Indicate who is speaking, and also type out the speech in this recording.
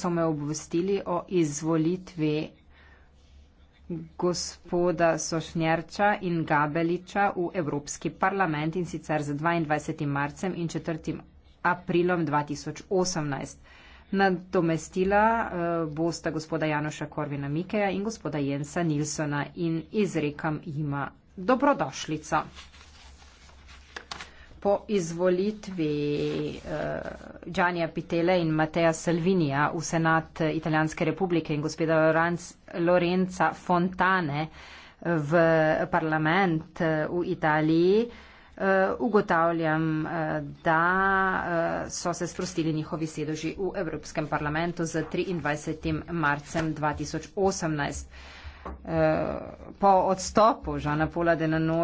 Speaker 1: so me obvestili o izvolitvi gospoda Sošnjerča in Gabeliča v Evropski parlament in sicer z 22. marcem in 4. aprilom 2018. Nadomestila eh, bosta gospoda Janoša Korvina Mikeja in gospoda Jensa Nilsona in izrekam jima dobrodošlico po izvolitvi uh, eh, Gianija Pitele in Mateja Salvinija v senat Italijanske republike in gospoda Lorenza Fontane eh, v parlament eh, v Italiji, uh, ugotavljam, da uh, so se sprostili njihovi sedoži v Evropskem parlamentu z 23. marcem 2018. Uh, po
Speaker 2: odstopu Žana Pola Denanoja.